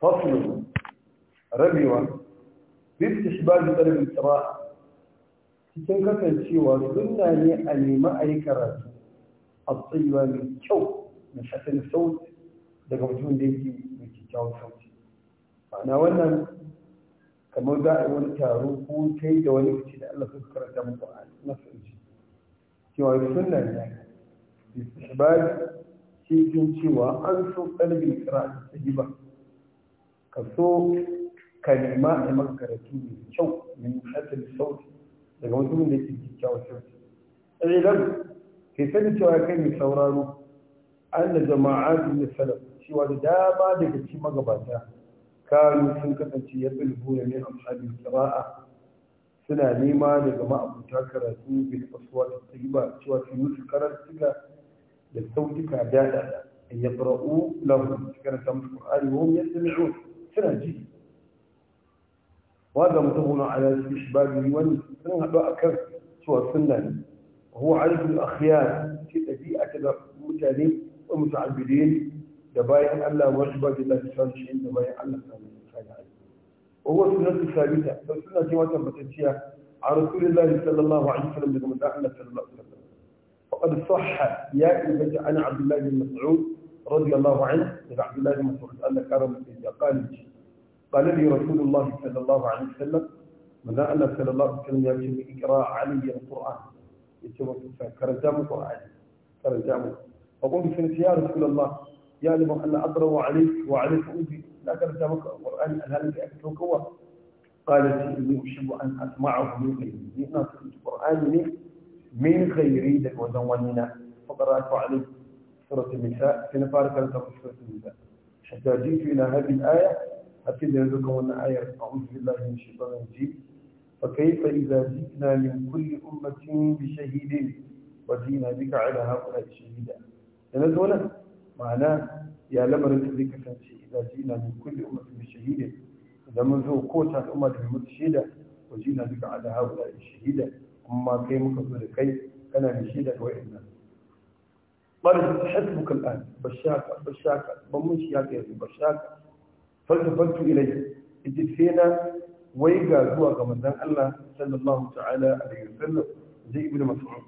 فصل rabewa bisa shi ba da tsarbin tsara cikin kasancewa suna ne a nemi a yi karatu a tsayuwa mai kyau na shafin sauti daga mutum da yake mai kyakkyawan sauti ma'ana wannan kamar za a yi wani taro ko kai da wani fice da allah suka karanta muku a nasarar shi cewa suna ne bisa shi ba cikin cewa an so tsarbin tsara a ba ka so ka nema a maka karatu mai kyau mai hasil sauti daga mutumin da ke kyakkyawar sauti idan ke sani cewa kai mai sauraro an da jama'atu na salaf cewa da dama daga ci magabata kanu sun kasance ya bilbo ne a misalin sara'a suna nema daga ma'abuta karatu bil kasuwa da ba, cewa su karar karantuka da sautuka daɗaɗa an yabra'u lahu karanta musu ƙur'ani wa hum yasmi'un suna ji وهذا متفق على الاستشباب والسنة هذا أكثر سوى السنة هو عدد الأخيار التي أتبع متاني ومتعبدين دبايع الله وجبة لله سبحانه شيء دبايع الله سبحانه وهو سنة ثابتة فالسنة كما تبتتيها عن رسول الله صلى الله عليه وسلم لكم الله صلى الله عليه وسلم فقد صح يا إبتي عن عبد الله بن مسعود رضي الله عنه من عبد الله بن مسعود أن كرم قال قال لي رسول الله صلى الله عليه وسلم من أن صلى الله عليه وسلم يجب إقراء علي القرآن يجب كرجام القرآن كرجام فقلت سنت يا رسول الله يا لما أن أقرأ عليك وعليك أوزي لا كرجامك القرآن هل في أكثر قال قالت إني أحب أن أسمعه من غيري القرآن من غيري وزوانينا فقرأت عليك سورة النساء كان فارقا لكم سورة النساء حتى جئت إلى هذه الآية أكيد لكم أن آية أعوذ بالله من الشيطان الرجيم فكيف إذا جئنا من كل أمة بشهيد وجئنا بك على هؤلاء شهيدا لأن هنا معناه يا لمر ذلك إذا جئنا من كل أمة بشهيد إذا منذ قوت الأمة المتشهدة وجئنا بك على هؤلاء شهيدا أما كي مكفر لكي أنا بشهيدا وإنا قال حسبك الآن بشاك بشاك بمشي يا كيف بشاك فالتفت إليه إجد فينا ويقى هو كما الله صلى الله تعالى عليه وسلم زي ابن مسعود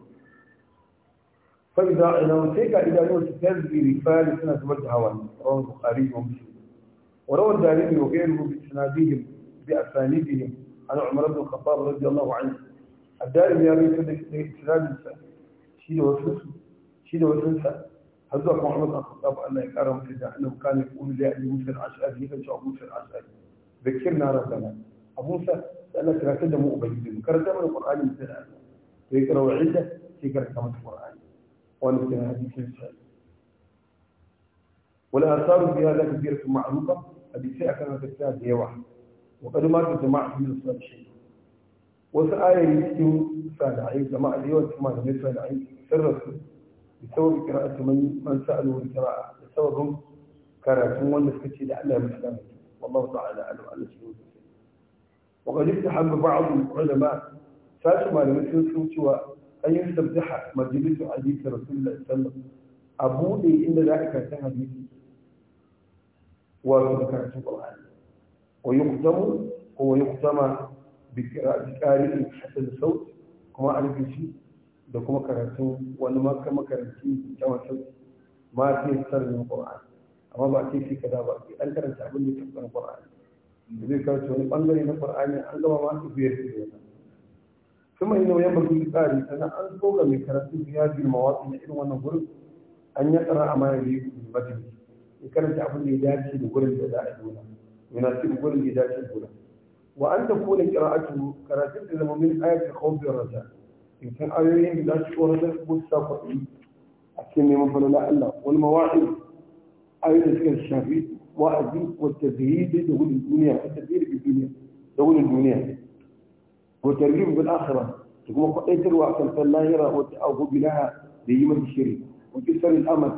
فإذا إذا وسيك إذا نوت تذبي رفال سنة وجه هوا رواه البخاري ومسلم وروى الدارمي وغيره بإسنادهم بأسانيدهم عن عمر بن الخطاب رضي الله عنه الدارمي يروي في إسناد شيء وسوسه شيء شين وزنها هذا هو محمد بن الخطاب الله يكرم كذا انه كان يقول لي أبو موسى العشائري كان شو ابو موسى العشائري ذكرنا ربنا ابو موسى انا كرهت دم ابي بن كرهت من القران مثل هذا ذكر وعده في كرهت من القران وانا في هذه الكلمه والاثار في هذا كثير معروفه هذه الساعه كانت الساعه هي واحده وقد مات جماعه من الصلاه شيء وسأل آية يسوع فلا عيد جماعه اليوم ثم لم يسأل عيد سر الرسول بسبب قراءة من من سألوا القراءة بسبب كراتهم والنسكتي لعلهم مسلمة والله تعالى أعلم على سبيل وقد افتح بعض العلماء فاتوا على مثل سوى أن يستمتح مجلس حديث رسول الله صلى الله عليه وسلم أبوني إن ذلك كان حديثي وذكرت القرآن ويختم هو يختم بقراءة قارئ حسن الصوت كما أعرف شيء da kuma karatun wani makaranci da wancan ma fi sarrin qur'ani amma ba ce shi kaza ba sai an karanta abin da ya tafi qur'ani da zai karanta wani bangare na qur'ani an gama ma su biyar da wannan kuma ina yan baki tsari sannan an so ga mai karatu ya ji mawaƙi na irin wannan gurin an ya tsara amma ya yi majalisi ya karanta abin da ya dace da gurin da za a yi gona yana cikin gurin da ya dace da gurin wa an ta kone kira'atu karatun da zama min ayatul khawfi raja يمكن أيوين لا شورة مستفى أكين يمن فلا الله والمواعيد أيوين كان الشافعي وأدي والتذهيب لدخول الدنيا التذهيب الدنيا دول الدنيا والترغيب بالآخرة تقوم قائد الوقت الفلاهرة والتأوه بلها ليمن الشريك وتسر الأمل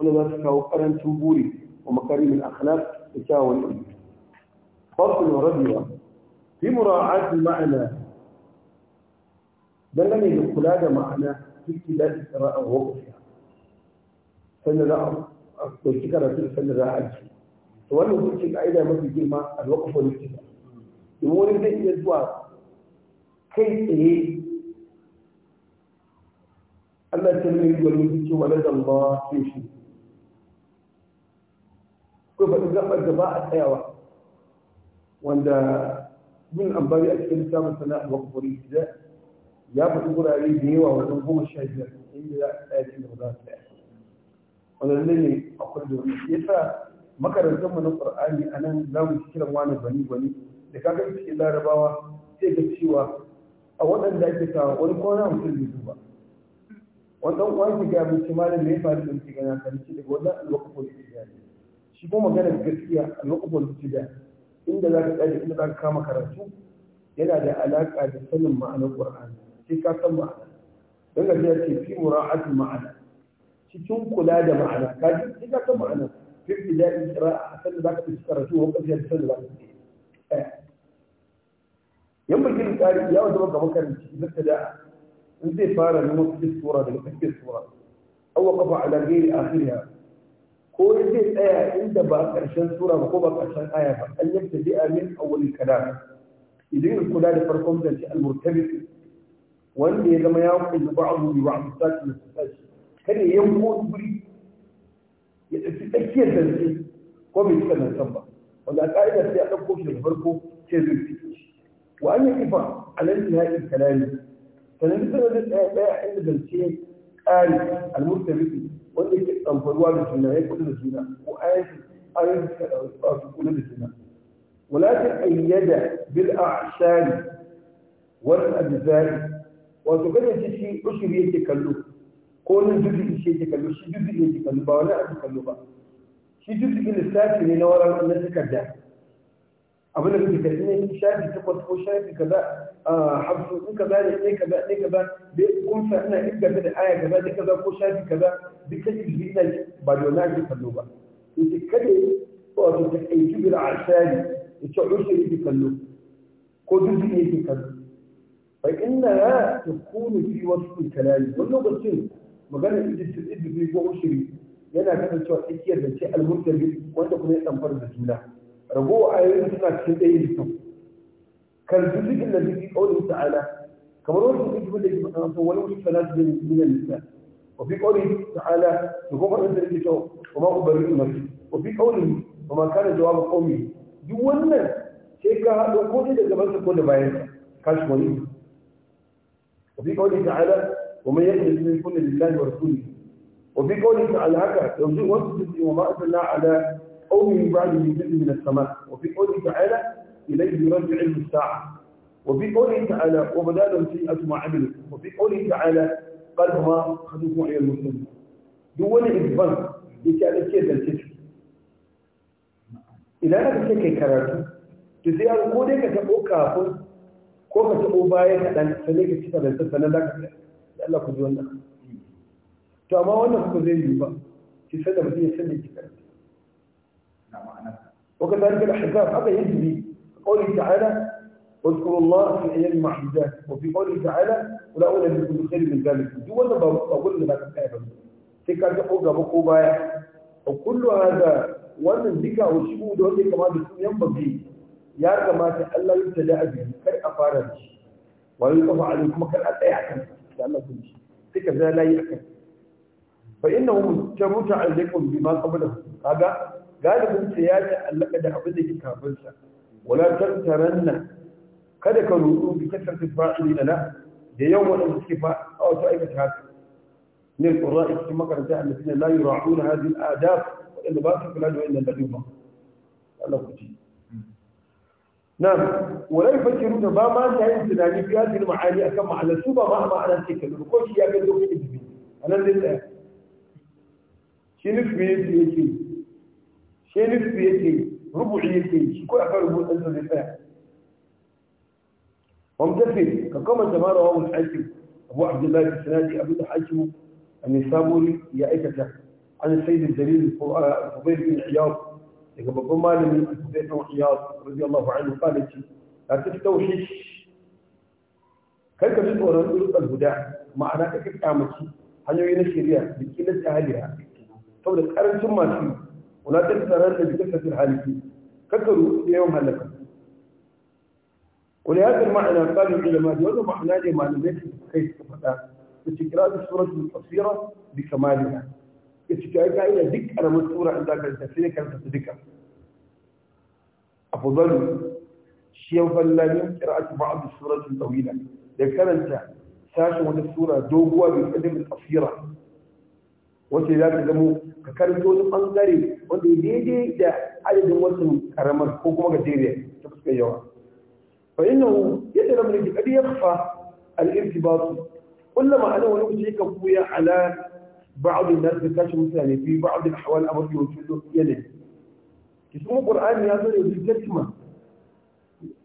ونذاتك قرن تنبوري ومكارم الأخلاق تساوى الأمر فصل وربيع في مراعاة المعنى بلما يدخل هذا معنا في ابتداء إسراء الغرفة فإن لا أفتكر في فإن لا أجل سؤال يقول شيء أيضا ما في جيمة الوقف والابتداء يقول إذا يدوى كيف هي إيه؟ ألا تنمي ولدك ولد الله في شيء كيف تقرأ الجباء الحيوة وعند من أنباري أكثر كما سنة الوقف والابتداء ya faɗi gurare da yawa wajen goma sha biyar inda za a tsaya cikin da ba za su tsaya wannan ne akwai da wani ya sa makarantar mu na qur'ani a nan za mu kiran wani gwani gwani da ka ga cikin larabawa sai ga cewa a waɗanda ake sa wani kwana mutum bai duba wani ɗan uwan ki ga mu ce malam me ya faru da mutum gana kan ci daga wannan alwaqful ibtida shi kuma magana gaskiya alwaqful ibtida inda za ka tsaya inda za ka kama karatu yana da alaƙa da sanin ma'anar qur'ani sai ka san ma'ana don gaji ya ce fi mura'atul ma'ana cikin kula da ma'ana ka ji sai ka san ma'ana fi bida'i qira'a san da zaka fi karatu ko kafiya da san da zaka fi yan bakin tsari ya wata maka makaranci na tada in zai fara neman cikin sura daga cikin sura aw qafa ala ghairi akhiriha ko zai tsaya inda ba karshen sura ba ko ba karshen aya ba an yabta bi'a min awwal kalam idan kula da farkon zance al-murtabi wanda ya zama ya kunzu ba'adu bi ba'adu sashi da sashi kada ya yanko guri ya ɗauki tsakiyar zance ko bai cika nan ba wanda a ƙa'ida sai a ɗauko shi daga farko sai zai fice shi wa an yi kifa alal nihai kalami sanan duk da tsaya tsaya inda zance ƙari almurtabiti wanda yake tsamfarwa da juna ya kudu da juna ko ayyansu ayyansu suka ɗauki kudu da juna wala ta ayyada bil a'shari wal ajzai wato kasance shi ushiri yake kallo ko nan juzu'i shi yake kallo shi juzu'i yake kallo ba wani abu kallo ba shi juzu'i lissafi ne na waran na takarda abin da kake karbi ne shafi takwas ko shafi kaza a hafsu in kaza ne ne kaza ne kaza bai kunsa ina inganta da aya kaza ne kaza ko shafi kaza duk kan juzu'i ina ba da wani abu kallo ba yace kada wato ta aiki bil ashari yace ushiri yake kallo ko juzu'i yake kallo فإنها تكون في وسط الكلام كله بسيط ما كان يجي تسيد في جو شري يعني كان تشوف كثير من شيء المرتب وانت كنا نتمر بسم الله ربو عايز تسمع شيء ده يسمع كان الجزء الذي في قوله تعالى كما روح يجب لك أن تولوا الفلاس من النساء وفي قوله تعالى يقوم رجل الجزء وما أبرئ نفسي وفي قوله وما كان جواب قومه يولى شيء كهذا وقوله لك بس كل بعيد كاش مريض وفي قوله تعالى ومن يقلد من يكون لله ورسوله وفي قوله تعالى هكذا توجيه وصفه وما الله على قوم من بعد من من السماء وفي قوله تعالى إليه يرجع علم الساعة وفي قوله تعالى لهم شيئة ما عملوا وفي قوله تعالى قال ما خذوكم إلى المسلمين دون إذبان يتعالى كيف الكتب إذا أنا بسكي كراتي تزيار قولك تبقى كافر ko ka taɓo baya kaɗan sai ka ci Allah ku ji wannan to amma wannan zai yi ba ki sai da mutum ya sani ki karanta الله في أيام وفي قوله تعالى ولا خير من ذلك وكل هذا وأن الذكاء والشهود وأن ينبغي ya kamata Allah ya tada a biyu kar a fara da shi wa yi kafa a kuma kar a tsaya a kan da Allah kun shi duka za layi a kan fa inna hum tamuta alaikum bima qablahu kaga galibin sa ya ta allaka da abin da ke kafin sa wala tartaranna kada ka rudu bi kasar fa'ilina la da yawan da suke fa a wato aikata haka من القراء في مكرة الذين لا يراعون هذه الآداب وإن باطل فلا يؤمن الذي الله الله nan walai fakiru da ba ma ta yin tunani biya da ma'ani akan ma'anar su ba ma ma'anar ce kallo ko shi ya ga lokacin da a nan zai tsaya shi nufi yake yake shi nufi yake rubuci yake shi ko da zai tsaya كما تمارى هو الحاكم أبو عبد الله السنادي أبو الحاكم النسابوري يا da عن السيد الدليل الفضيل بن عياض daga babban malami zai ɗan iyas radiyallahu anhu kala ce la tastawhish kar ka ji tsoron turkal guda ma'ana ka kyamaci hanyoyi na shari'a da kila tsariya saboda karancin masu wala ta tsarar da jikin kasar halittu kakaru da yawan halaka wani yakin ma'ana tsarin ilima da wanda ma'ana ne malamai kai suka faɗa da cikin rasu suratun tafsira bi kamaliya suka ci kai kai duk karamin sura in za ka ta sai kan ta duka afdalu shi yan fallamin qira'atu ba'd suratin tawila da karanta sashin wata sura doguwa bi kalimin qasira wace za ka zamo ka karanta wani bangare wanda ya daidai da adadin wasu karamar ko kuma ga jeriya ta fuska yawa fa innahu yadda rabbul qad yakhfa al-irtibat kullama ana wani lokaci ka buya ala بعض الناس بتكاشف ثاني في بعض الأحوال أمر يوجد يده اسمه القرآن يا زلمة لتتمة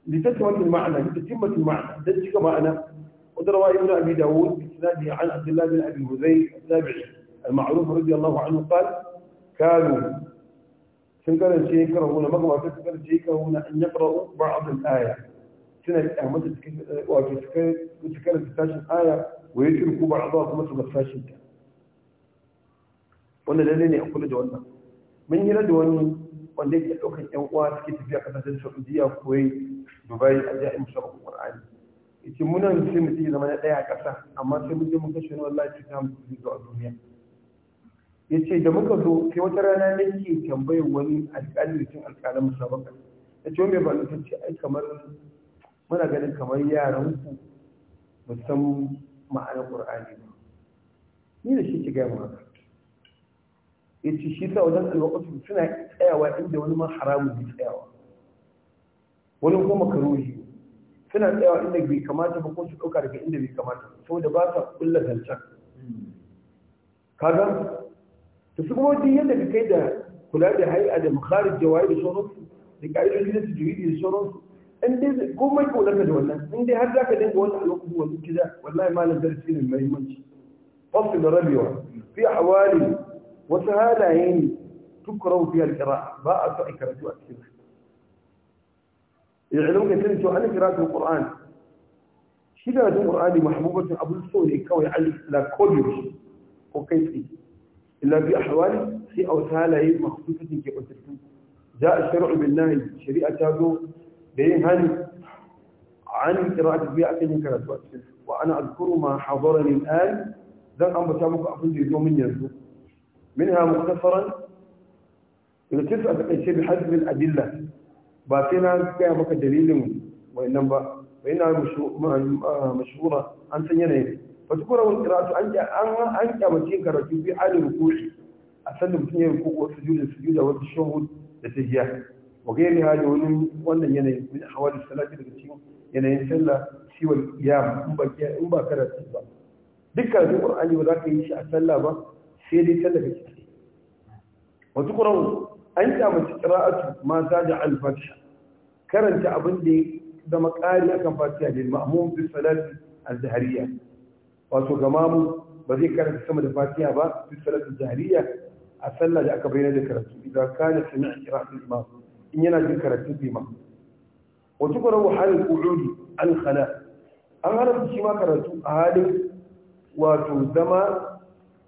لتتمة المعنى لتتمة المعنى ذلك معنى وتروى ابن أبي داود بإسناده عن عبد الله بن أبي هذيل التابعي المعروف رضي الله عنه قال كانوا شنكر الشيء يكرهون مقوى شنكر الشيء يكرهون أن يقرأوا بعض الآية سنة أحمد وتذكر تتاشن آية ويتركوا بعضها كما تبقى wannan lalle ne a kula da wannan mun yi da wani wanda yake ɗaukar ƴan uwa suke tafiya kasashen saudiya ko yi dubai a jiya in musa ƙwaƙwar ƙwar'ani ita muna sai mutum ya zama na ɗaya a ƙasa amma sai mun je mun kashe wani wallahi cuta mutum zuwa duniya ya ce da muka zo sai wata rana nake tambayar wani alƙali cikin alƙalin musabaka ya ce wani mai ta ce ai kamar muna ganin kamar yaran ku ba san ma'anar ƙur'ani ba ni da shi ki gaya mu haka ya ce shi sa wajen alwakatu suna tsayawa inda wani ma haramun bai tsayawa wani kuma makarohi suna tsayawa inda bai kamata ba ko su ɗauka daga inda bai kamata saboda ba sa kulla zancen kaga ta su kuma wajen yadda ka kai da kula da hai'a da mukharar jawaye da sauransu da ƙa'idoji da tajwidi da sauransu in dai komai kaunar da wannan in dai har za ka dinga wannan alwakatu wani kiza wallahi malam darasi ne mai muhimmanci fasil rabiwa fi hawali وتعالى هين تكرو فيها القراءة باء تأكرة أكثر يعلم كثير شو قراءة القرآن شدة القرآن محبوبة أبو الصوري كوي على لا شيء وكيف إلا بأحوال في أوثالة هي مخصوصة كي أتركوا جاء الشرع بالله شريعة تابو بين هل عن قراءة البيعة ينكر وأنا أذكر ما حضرني الآن ذا أمر تابو أفضل يدو من يزوك منها مختصرا إذا تسعى تقيسي بحسب الأدلة باتنا كيف مك دليل وإنما وإنها مشهورة عن سنين فتكون أول قراءة أنت أنت متين كرتي في حال الركوع أسند متين الركوع والسجود السجود والتشهد للتجاه وغيرها يقولون وأن يعني من أحوال الصلاة التي ينين سلا سوى القيام أم بكرة دكا القرآن وذاك يشاء الله sai dai tallafi ciki wata kuran an kyamaci kira'atu ma ta da alfatisha karanta abin da ya zama ƙari akan fatiha da ma'amun fi salati al-zahariya wato ga mamu ba zai karanta sama da fatiha ba fi salati al-zahariya a sallah da aka bayyana da karatu idan kana sami'a kira'atu imam in yana jin karatu imam wata kuran halin qu'udi al-khala an haramta shi ma karatu a halin wato zama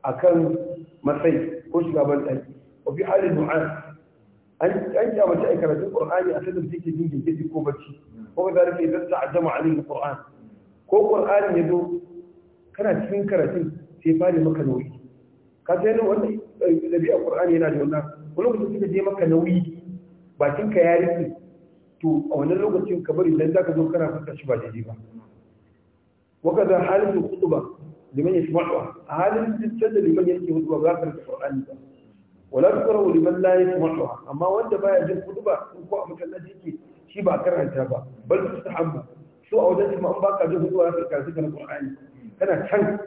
akan مرحي كوشي قابل أي وفي حال المعان أنت أما تأيك لدي القرآن أخذ بديك دين جديد كوبتي هو ذلك إذا تعزم عليه القرآن كو القرآن يدو كان تفين كرتين في فالي مكة نوي قالت أنه أنه لبيع القرآن ينادي الله ولو كنت تفين مكة نوي باتين كياريكي تو أو نلوغة تين كبري لن ذاك ذو كنا فتشبه جديبا وكذا حالة الخطبة لمن يسمعها هذا الجسد لمن يأتي هدوة بآخر القرآن ولا تقرأ لمن لا يسمعها أما وانت ما يجي خطبة تنقوى مثل ذلك شيء بأكرها انتابا بل تستحب سوء أو ما أنباك جل هدوة آخر القرآن أنا تحن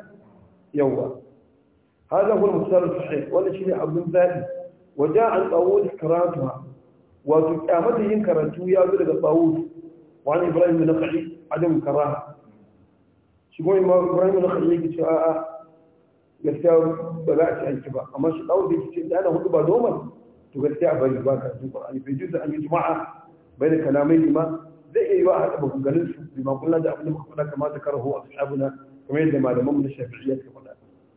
يوا هذا هو المختار الصحيح ولا شيء عبد الله وجاء الطاووس كراتها وقامت ينكرته يا ولد الطاووس وعن إبراهيم بن النخعي عدم كراهه shi kuma imam ibrahim na khalil yake cewa a'a gaskiya ba za a ci aiki ba amma shi dawo da yake ce da ana hudu ba normal to gaskiya a bari ba ka jin qur'ani bai juzu an yi juma'a bai da kalamai lima zai iya yi wa haɗa maganganun su lima kullum da abin da muka faɗa kamar da karahu a ashabuna kamar yadda malaman mu na shafi'iyya suka faɗa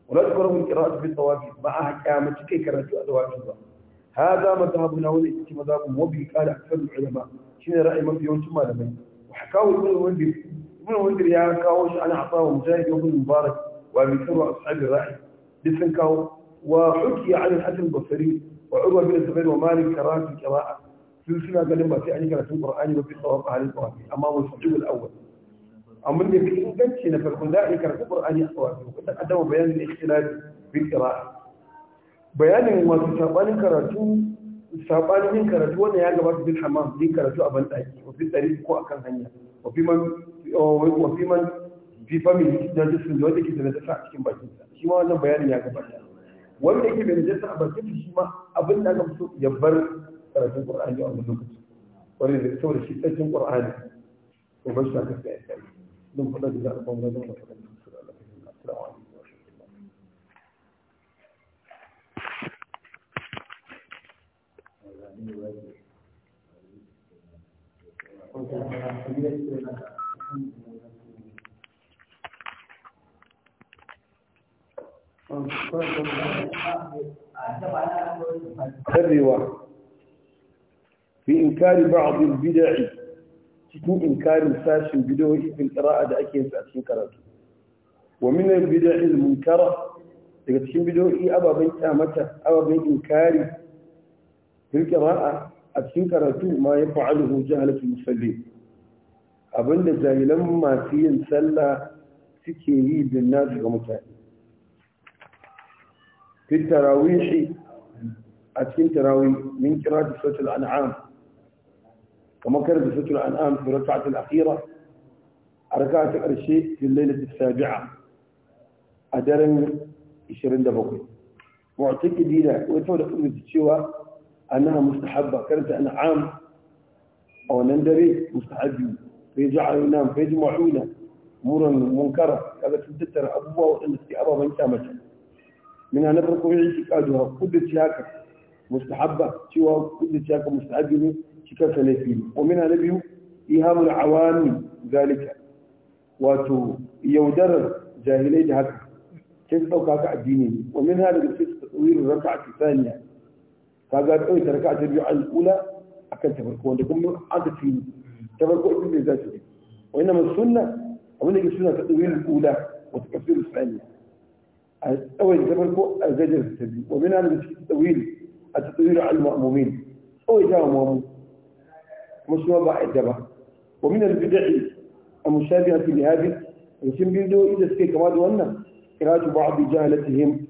ولا تكره القراءة في الطواف معها كامة كي كرهت الواجب هذا مذهبنا وليس مذهبهم وبه قال أكثر العلماء شنو رأي من في يوم ثم وحكاه ابن الوندي ابن ودري يا كاوش أنا عطاء مجاهد يوم المبارك وابي ثروه اصحاب الراحل لسن كاو وحكي عن الحسن البصري وعروه بن الزبير ومالك كراهه القراءه السنة قال ما في عليك في القران وفي صواب اهل القران اما هو الصحيح الاول اما اللي في انجلتنا في الخلاء كان في القران اقوى وقد تقدم بيان الاختلاف في القراءه بيان ما في كراتو sabanin yin karatu wanda ya gabata bil hammam yin karatu a bandaki wa fi tsari ko akan hanya wa fi man wa fi man fi family da jisun da wanda ke da najasa a cikin bakin sa shi ma wannan bayanin ya gabata wanda yake da najasa a bakin sa shi ma abin da aka fito ya bar karatun qur'ani a wannan lokaci wanda da saboda shi tsakin qur'ani to ba shi ta sai ya kai dun fada da alƙawarin da Allah ya faɗa assalamu alaikum الرواة في إنكار بعض البدع cikin inkarin sashin bidiyoyi fil qira'a da ake yin a cikin karatu wa min al bid'il munkara daga cikin bidiyoyi ababen kyamata ababen في القراءة أتكين كراتو ما يفعله جهلة المصلين أبن جاهلا لما في سلة سكيه بالناس ومتعين في التراويح أتكين تراوي من قراءة سورة الأنعام كما كانت سورة الأنعام في الركعة الأخيرة ركعة الأرشي في الليلة السابعة أدرن دبوكي معتقدين ويتولى قدرة الشواء أنها مستحبة كانت أنا عام أو نندري مستحب فيجعل ينام فيجمعون أمورا منكرة كانت تدتر أبوه وإن استعبا من كامتا من أن ويعيش كادوها كل تياكا مستحبة سوى كل تياكا مستحب شكاكا لفيه ومنها نبيه إيهام العوام ذلك واتو يودر جاهلي هكا كيف لو كاكا ومنها نبي تطوير الركعة الثانية فقال اي تركات الربيع الاولى اكلت فرقوا لكم عدد في تفرقوا في ميزات وانما السنه ومن السنه تطويل الاولى وتكفير الثانيه اول تفرقوا الزجر في التبليغ ومن هذا التطويل التطويل على المامومين او اذا مامو مش هو ومن البدع المشابهه لهذه يتم بيدو اذا سكيت ما كما دولنا بعض جهلتهم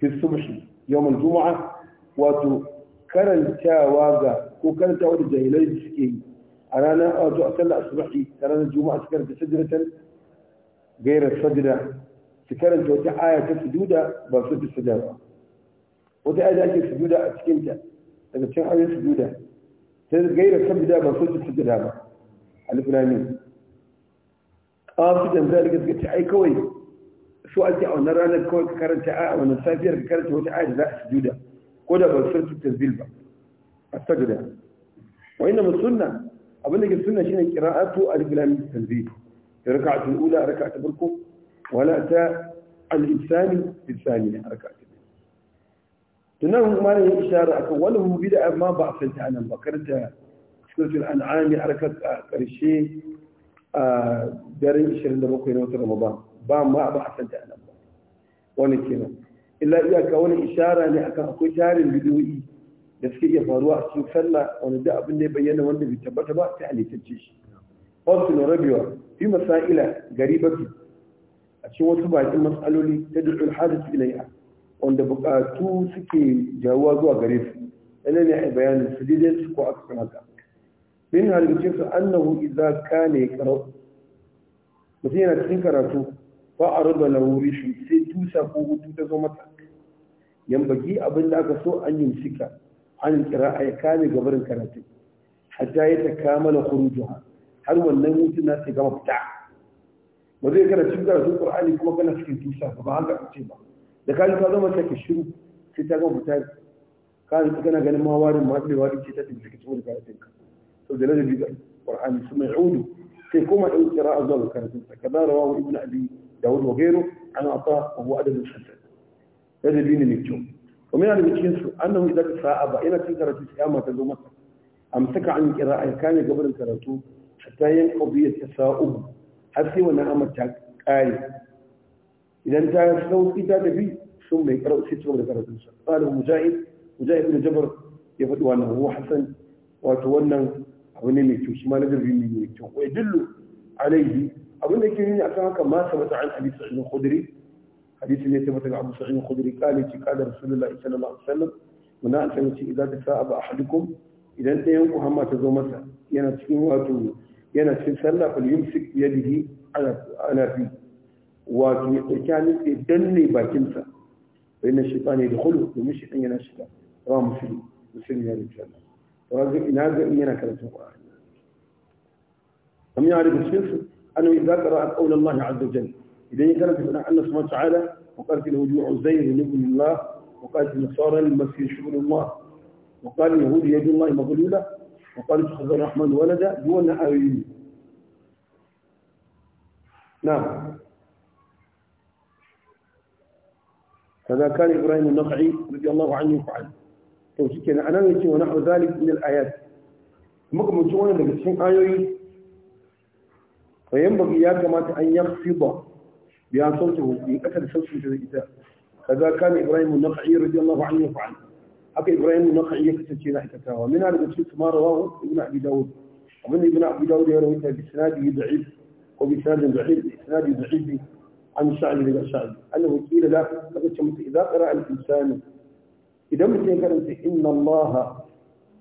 في الصبح يوم الجمعه wato karantawa ga ko karantawa da jahilai da suke yi a ranar wato a sallar asubahi a ranar juma'a su karanta sajidatan gairar sajida su karanta wata aya ta sujuda ba su fi sajida ba wata aya da ake sujuda a cikinta daga cikin ayoyin sujuda sai gairar sajida ba su fi sujada ba alifinamin ƙafidan zai suka ta ai kawai su ake a wannan ranar kawai ka karanta a wannan safiyar ka karanta wata aya da za a sujuda كده بالفرق التسجيل بقى التجد يعني وإنما السنة أقول لك السنة شنو قراءته ألف لام التنزيل ركعة الأولى ركعة بركو ولا تاء الإنسان الثانية ركعة تنهم ما لي إشارة أولهم بدأ ما بعرف أنت أنا بكرت سورة الأنعام حركة قرشي دارين شهر رمضان بام ما بعرف أنت أنا ونكينا illa iyaka wani ishara ne akan akwai tarin bidoyi da suke iya faruwa a cikin sallah wani da abin da ya bayyana wanda bai tabbata ba sai a litacce shi wasu na rabewa fi masaila garibatu a cikin wasu bakin matsaloli ta dukkan hadis ilayya wanda bukatu suke jawuwa zuwa gare su yana ne a bayanin su dide su ko aka kan haka min halin su annahu idza kana mutum yana cikin karatu فأرد له ريش سيتوسا فوق توتا زومتك ينبغي أبن لك سوء أن يمسك عن القراءة كامل قبر الكراتب حتى يتكامل خروجها حلو النمو تناس كما بتاع وذي كان تشوف هذا القرآن كما كان في توسا فما هذا كتيبه لكن هذا ما تك الشروع ستة كما بتاع كان كنا قال ما وارد ما أدري وارد ستة تمسك تقول الكراتب سو دلنا جديد القرآن ثم يعود كيفما القراءة ذا الكراتب كذا رواه ابن أبي داود وغيره أنا أعطاه وهو أدب الحسن هذا بين النجوم ومن على بيتين أنه إذا تفاعب إلى تنكر تسيامة تزومة أمسك عن القراءة كان قبل الكراتو حتى ينقو ينقضي التساؤب ونعم التاك آية إذا انت سوف بي ثم يقرأ ست ولا كراتو قال مجاهد مجاهد بن جبر يفتو أنه هو حسن وتولى أو نميتو شمال دربي من ويدل عليه أقول لك إني أكرهك ما ثبت عن أبي سعيد الخدري حديث اللي ثبت عن أبو سعيد الخدري قال لي قال رسول الله صلى الله عليه وسلم من أنتم إذا دفع أحدكم إذا أنت يوم هم تزوم مثلا ينتقم واتو ينتقم سلا فليمسك يده على على في واتو كان يدني باكنسا فإن الشيطان يدخله ومشي أن ينسي رام مسلم مسلم يا يعني رجال رازق إن هذا إن ينكرت القرآن لم يعرف الشيطان أنه إذا قرأ قول الله عز وجل إذا كانت أن سبحانه وتعالى وقالت الهجوع عزير ابن الله وقالت النصارى المسيح شبن الله وقال اليهود يد الله مغلولة وقال اتخذ الرحمن ولدا دون آيين نعم هذا كان إبراهيم النقعي رضي الله عنه يفعل توشيكنا أنا ونحو ذلك من الآيات ممكن من شوانا لك تشين آيوي فينبغي يا جماعة أن يخفض بان صوته في أكد صوته في الكتاب كذا كان إبراهيم النقعي رضي الله عنه فعل حكى إبراهيم النقعي يكتب شيء ناحية كتابه من هذا الشيء ما رواه ابن أبي داود ومن ابن أبي داود يرويها بإسناده ضعيف وبسناد ضعيف بإسناد ضعيف عن سعد بن سعد أنه قيل لا إذا قرأ الإنسان إذا مثل كلمة إن الله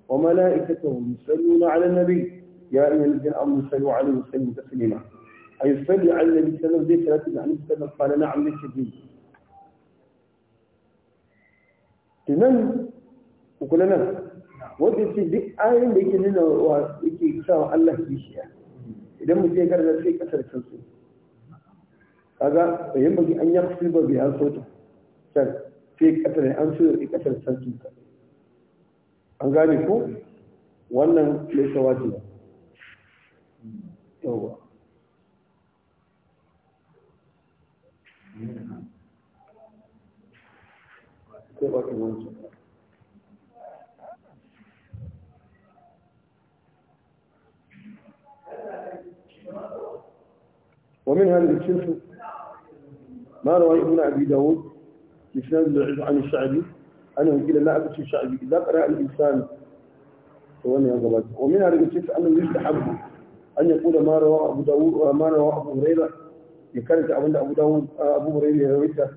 وملائكته يصلون على النبي يا أيها الذين آمنوا صلوا عليه وسلموا تسليما أي يصلي على النبي صلى الله عليه وسلم زي ثلاثة قال نعم ليس جيد تنم وكل نعم wanda ce duk ayoyin da yake nuna wa yake sawa Allah bishiya idan mutum ya karanta sai kasar kansu kaga bayan an yi kusa ba biya so can sai kasar an so ya kasar kansu an gane ko wannan wajibi هو ko ba ki ومنها الانشرف ما روى ابن ابي داود في سند عن الشعبي انه قيل لا ابد الشعبي اذا قرا الانسان ومنها الانشرف انه يستحب أن يقول ما روى أبو داود ما روى أبو هريرة يكرت أبو أبو داود أبو هريرة رويته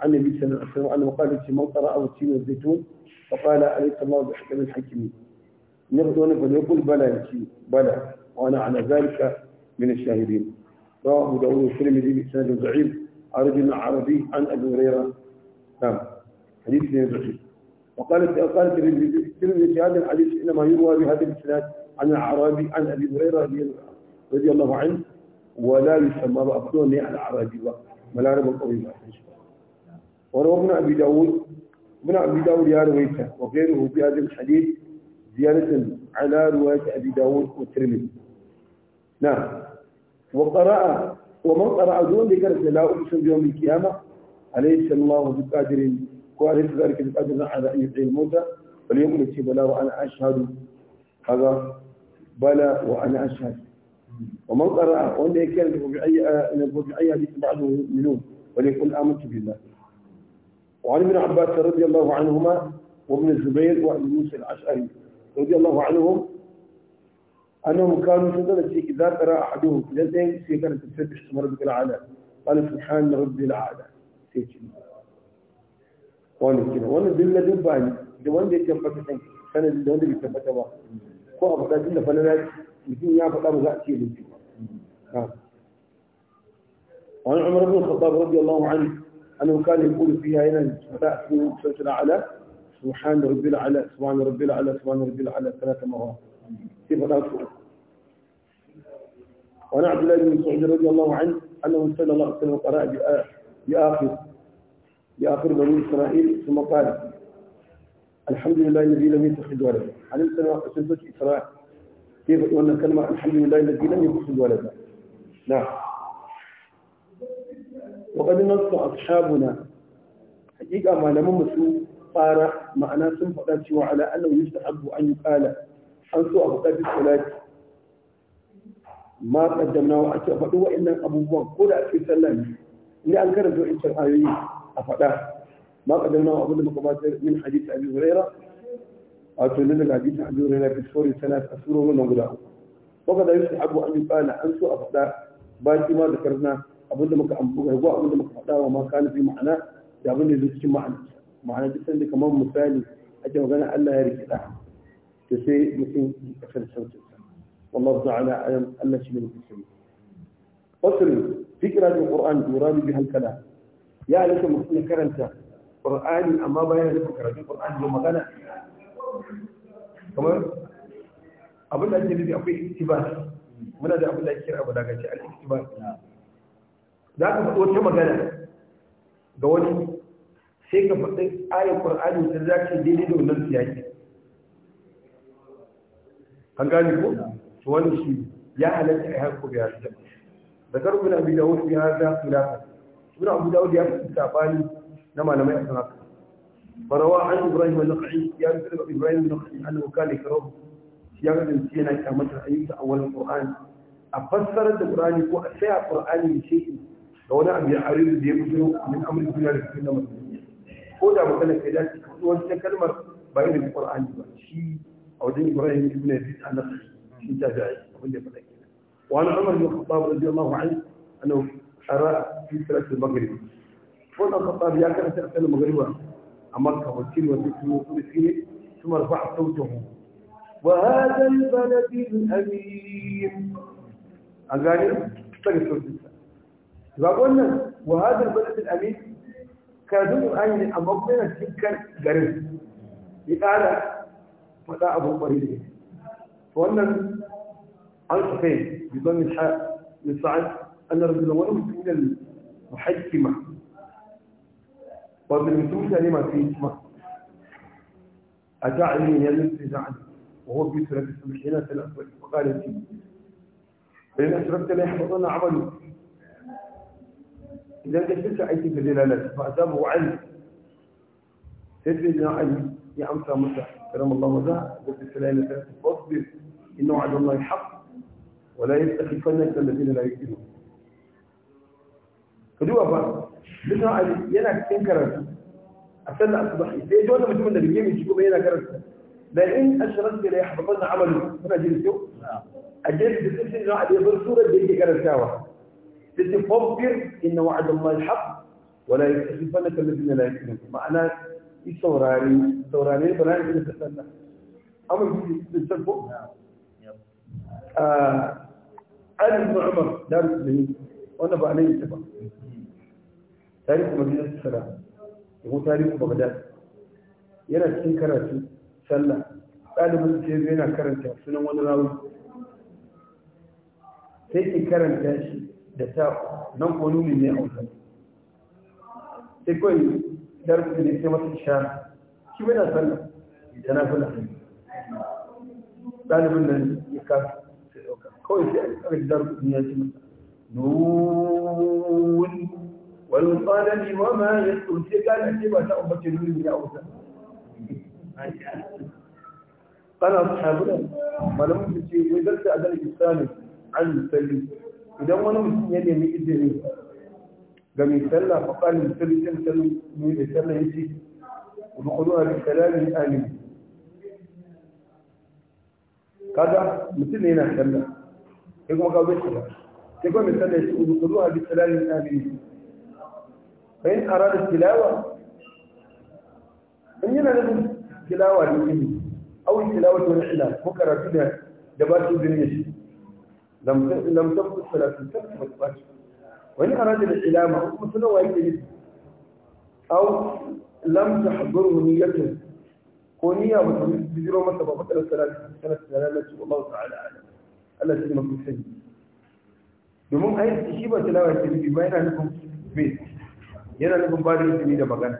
عن النبي صلى الله عليه وسلم أنه قال في مطر أو التين والزيتون فقال أليس الله بحكم الحكيمين نقول فليقل بلى يكي بلى وأنا على ذلك من الشاهدين رواه أبو داود الترمذي بإسناد ضعيف عن رجل عربي عن أبي هريرة نعم حديث ضعيف وقالت قالت الترمذي في هذا الحديث إنما يروى بهذا الإسناد عن الأعرابي عن أبي هريرة رضي الله عنه ولا يسمى بأفضل لي على الأعرابي ولا رب وروى ابن أبي داود ابن أبي داود يا رويته وغيره في هذا الحديث زيادة على رواية أبي داود والترمذي نعم وقرأ ومن قرأ دون ذكر لا أقسم بيوم القيامة أليس الله بقادر وأليس ذلك بقادر على أن يحيي الموتى فليقل الشيء بلا وأنا أشهد هذا بلى وأنا أشهد ومن قرأ وأن كان الربيعية الربيعية التي بعده يؤمنون وليقول آمنت بالله وعن ابن عباس رضي الله عنهما وابن الزبير وابن موسى الأشعري رضي الله عنهم أنهم كانوا سنة إذا قرأ أحدهم في لذين سيكون تسبح اسم ربك الأعلى قال سبحان رب الأعلى سيكون wani kina wani duk na dubba ne da wanda ya tabbata san sanar da wanda ko a faɗa وعن عمر بن الخطاب رضي الله عنه أنه كان يقول فيها هنا فتاة سلسلة على سبحان ربي العلى سبحان ربي العلى سبحان ربي العلى ثلاث مرات كيف فتاة سؤال وعن عبد الله بن مسعود رضي الله عنه أنه صلى الله عليه وسلم قرأ بآخر بآخر بني إسرائيل ثم قال الحمد لله الذي لم يتخذ ولدا علمت ما قصدت إسرائيل كيف أن الكلمة الحمد لله الذي لم يتخذ ولدا نعم وقد نص أصحابنا حقيقة ما لم مسوا قارة معنا سنفقات وعلى أنه يستحب أن يقال أنسوا أبقات الصلاة ما قدمنا وأتفقوا وإن أبو بكر كل أكل سلم إن أنكرت وإن شرعي أفقاه ما قدمناه أظن مقامات من حديث أبي هريرة أقول لنا الحديث أبي هريرة في الفور سنة أسوره من ونقرأه وقد يستحب أن يقال أنسو أفضاء باقي ما ذكرنا أبو أظن مقام هو أظن مقام وما كان في معنى يظن يزيد معنى معنى جدا لك كمان مثالي أجل وقنا ألا يريد أحد تسيء مثل أخر سنة والله تعالى أعلم ألا شيء من السنة فصل فكرة القرآن يراد بها الكلام يا لك مكتوب كرنته ƙur'ani amma bayan nufin karatun ƙur'ani don magana kamar abin da ake nufi akwai iktibas muna da abin da ake kira abu daga ce al-iktibas za ka faɗo ta magana ga wani sai ka faɗi ayin ƙur'ani ta za ka daidai da wannan siyaki an gane ko to wani shi ya halatta a yanku ya halatta da na abu da wasu ya halatta su lafa suna abu da ya fi sabani نما لما يحصل هكذا فروى عن ابراهيم النخعي سياق سلم ابراهيم النخعي انه كان يكره سياق الانسان كامل ايوب اول القران افسر القران هو اشياء قران شيء لو انا ابي اعرف اللي يبدو من امر الدنيا اللي في نعم النمط هو ده مثلا في ذات هو انت كلمه بين القران شيء او دين ابراهيم ابن ابي النخعي شيء تابعي واللي بدك وانا عمر بن الخطاب رضي الله عنه انه ارى في سلسله المغرب فوق الخطاب يا كان سنة المغرب أمريكا والصين والسويس والفلسطين ثم رفع صوته وهذا البلد الأمين أغاني تغير طيب، صوت فقلنا وهذا البلد الأمين كادوا أن أمضينا تلك قريب لقال فلا أبو مريض وأن الحسين بضم الحاء من صعد أن رجل ولم من المحكمة وبالمثوثة لما في اسمه أتاع من يلمس عنه وهو في سنة السبحين سنة فقال لي فإن أشركت لا يحفظن عمله إذا أي سعيت في الجلالة فأتابه علي سيدنا علي يا أمسى مسى كرم الله وزهى قلت السلام فاصبر إن وعد الله حق ولا يستخفنك الذين لا يؤمنون ku duba fa bisa ali yana cikin karatu a sallar asubahi sai ji wani mutumin da bai yi shi kuma yana karatu la in ashrakta la yahbatanna amalu kuna jin su a jeji da sun na ali bar surar da yake karantawa sai fabbir inna wa'ada Allah haqq wala yakhlifannaka alladhina la yu'minun ma'ana i saurari saurari bala'i da sallah amma bi sabbo آه علي بن عمر دار المسلمين وانا بقى عليه تبع tarihu madinatu sara da ko tarihu bagdad yana cikin karatu sallah ɗalibin sai zai yana karanta sunan wani rawu sai ke karanta shi da ta nan ko nuni ne a sai kawai darbu ne sai masu sha shi bai na sallah da na fi lafi ɗalibin nan ya kasu kawai sai a ƙarfi darbu ne ya ci masa والقلم وما يسطرون sai ka da ce ba ta umarci nuni ya wuta kana sahabuna malamin su ce wai zarta a dalil islami an salli idan wani mutum ya nemi izini ga mai sallah fa qalin salli kan salli ne da sallah yace udkhuluha bi a amin kaga mutum ne yana sallah sai kuma sai kuma bi a فإن أراد التلاوة إن لازم تلاوة للإلم أو التلاوة والإحلال بكرة فيها دبات الدنيا لم لم تبقى الصلاة ما الصلاة وإن أراد الإعلام أو مثلا أو لم تحضره نيته كونية بجرو ما سبب مثلا الثلاثة سنة سلامة والله تعالى أعلم ألا سيدنا مكتوب الحج بمهم أي تشيبة تلاوة النبي ما في بيت yana nufin ba da izini da magana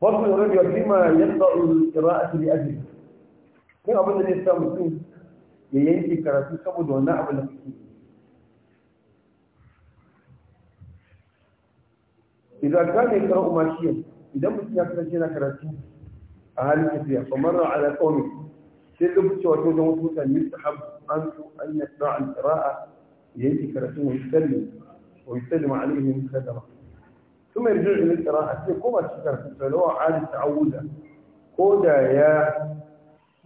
wasu yawon yau fima yadda ƙira'atu da ajiyar kan abin da zai sa mutum ya yanki karatu saboda wannan abin da suke idan ka ne kara umarshiya idan mutum ya kasance na karatu a halin tafiya kamar ala qaumi sai ka fice wato wasu mutane su hab an su an yasra al qira'a يأتي كرسيم ويسلم ويسلم عليه من ختمة ثم يرجع إلى القراءة كما تشكر فلو عاد تعودا كودا يا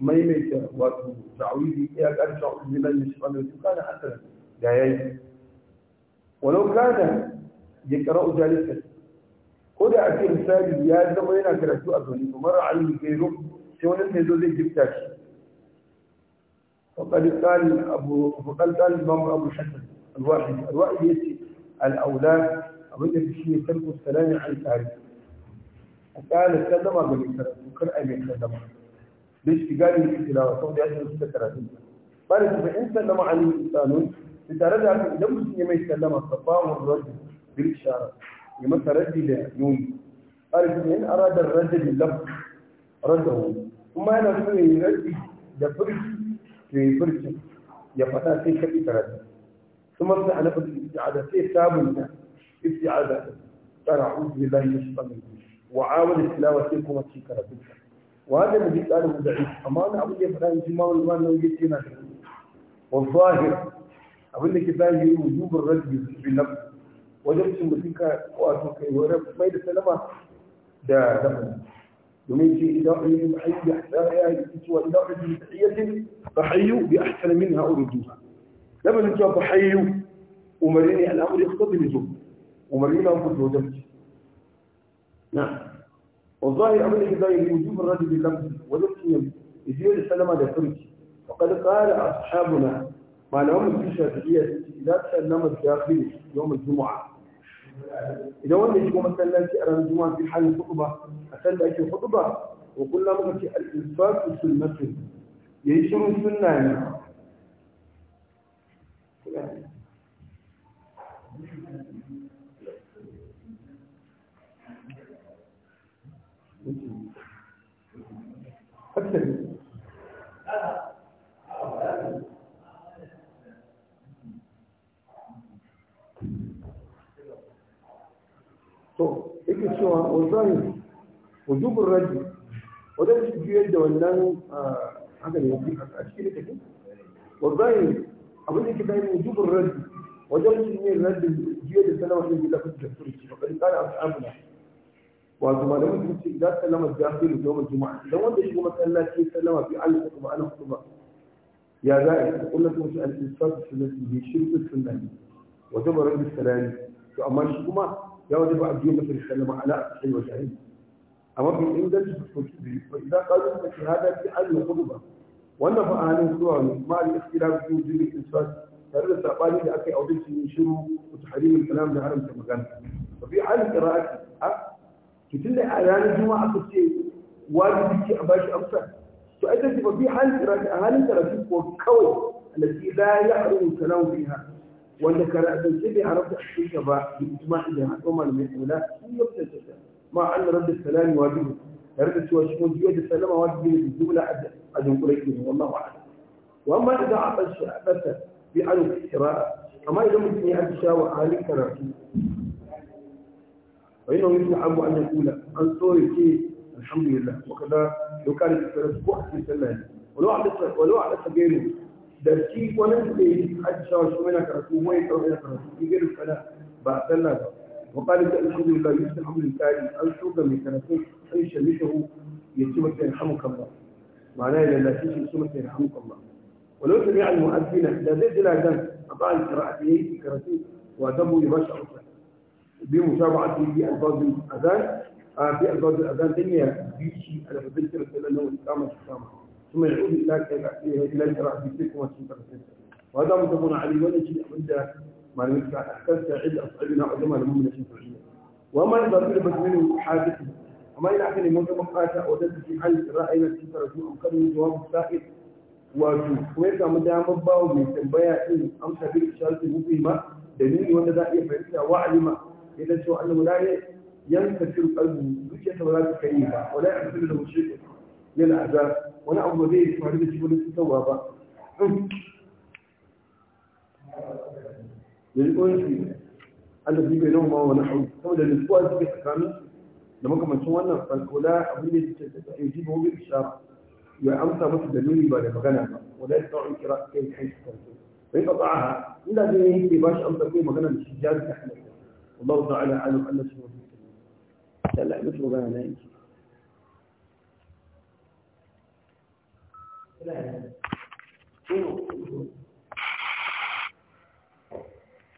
ميميتا وتعويدي يا أرجع إلى الشيطان وكان حسنا لا يأتي ولو كان يقرأ ذلك كودا أكيد مثالي يا زمان كرسوم أظن ومر عليه غيره سوى أنه يزول يجب وقد قال أبو وقد قال الإمام أبو الحسن الواحد الواحد يأتي الأولاد أبدا بشيء ترك السلام عن التعريف قال السلام أبو الحسن وكان أبي السلام ليش قال لي تلاوة صوت عشر ستة ثلاثين قال إذا إن سلم على الإنسان لترجع إذا مسلم ما يسلم الصفاء والرجل بالإشارة لمس رجل نون قال إذا إن أراد الرجل اللفظ رده ثم أنا أقول سوي رجل دفرش to yi furci ya faɗa sai ka karatu kuma sai a nafi isti'aza sai sabunta isti'aza tsara uzu billahi min shaitanir wa awal tilawa sai kuma ci karatu wa hada nabi qalu da'if amma wani abu ya faɗa in ji ma wani wannan yake yana da wa zahir abin da ke zahiri wujubur rajul bi nafsi wajen cin mutum ka wato kai wurin mai da salama da zamani ومن إلى أن إلى أن تحية فحيوا بأحسن منها أردوها لما نتوى فحيوا ومريني الأمر يقتضي على أمر يقتضي وجبت نعم والظاهر أمر يقتضي لوجوب الرجل اللمس ولكن يزيد السلام على فرجه وقد قال أصحابنا ما لهم في شافعية إذا سلم الداخل يوم الجمعة idan wanda kuma sallaci a ranar juma'a fi halin hutuba a sanda ake hutuba wa kullum muka ce al-infaqu sunnatu yayi shirin sunna ne Thank you. yake cewa ozan wujubun raji wajen juyar da wannan ah, haka ne a cikin littafin ozan abin da ke bayan wujubun raji wajen ne radin juyar da salama ɗin da kuma da turki a ƙarƙa da al'amuna wato da sun ce idan salama da yawon juma'a idan wanda shi shigo masallaci salama fi alif kuma ana kuma ya za a yi kullum sun ce al ne sunnati bi shirkin sunnati wa jabarar bisalami to amma shi kuma يوجب يوم مثل يتكلم على أصحي وجهين أمر من إنجل وإذا قالوا أن هذا في حل الخطبة وأن فعالين سواء مع الاختلاف في وجود الإنسان ترى السعباني لأكي أو دلسي ينشروا وتحريم الكلام لعالم كمغان وفي حال قراءتي كتلة أعلان الجمعة قصير واجب في أباش أمسا فأنت في حال قراءتي أهالي ترى وكوي التي لا يحرم الكلام فيها wanda karatun shi bai haramta a cikin ka ba da kuma idan haɗo malamai kula sun yi wata ta ma an da rabbi salami wa dubu tare da cewa shi mun jiya da salama wa dubu da jumla a dunkule ke ne wallahu a'lam wa amma idan a ɓace a ɓace bi an kira amma idan mutum ya aji shawo a halin karatu wa yi nauyin abu an kula an tsore ke alhamdulillah wa kada yau kare ki karatu ko a cikin sallah ne walau a ɗasa gairo da shi wani da yi hajjawa shi mana karatu mai tsawon yana karatu ki gani kana ba a sallah ba wa qala ta alhamdulillah yusuf alhamdulillah an shuga mai karatu sai shamishahu ya ci masa yarhamukallah ma'ana ya lallashi shi ci masa yarhamukallah ولو سمع المؤذن إذا زاد إلى جنب أطاع قراءته كرسي وأدبه يبشر أصلا بمتابعته بألفاظ الأذان في ألفاظ الأذان دنيا بيشي على فضيلة مثلا أنه إقامة الإقامة ثم يعود ذلك إلى الشرع في تلك وتنتهي وهذا متفق عليه ولا شيء عند ما لم احتجت عند أصحابنا علماء المؤمنة الشافعية وما إذا طلبت منه حاجته وما إلى آخر من مقاطع ودلت في حال رأينا في ترجمة أمكانه جواب السائل wato kuma ya samu damar bawa mai tambaya din amsa bil sharti mutima dalili wanda za a iya fahimta wa alima idan cewa annabi la yanka fil qalbi zuciya ta ba za kai ba wala ya'budu lahu shay'un min ولا أبو ذيك ما أريد أشوفه يتوابا للأنس الذي بينهما ونحن قبل الأسبوع في حكامي لما كما شوانا فالكلاء أبو ذيك يجيبه بإشارة يعمسى مثل بعد مغنمة ولا يستطيع كراء كي يحيش كرسي فإن قطعها إلا دينه باش أمسى كي مغنم الشجاج والله تعالى أعلم أن الله سبحانه وتعالى لا لا مثل مغنمة Thank you.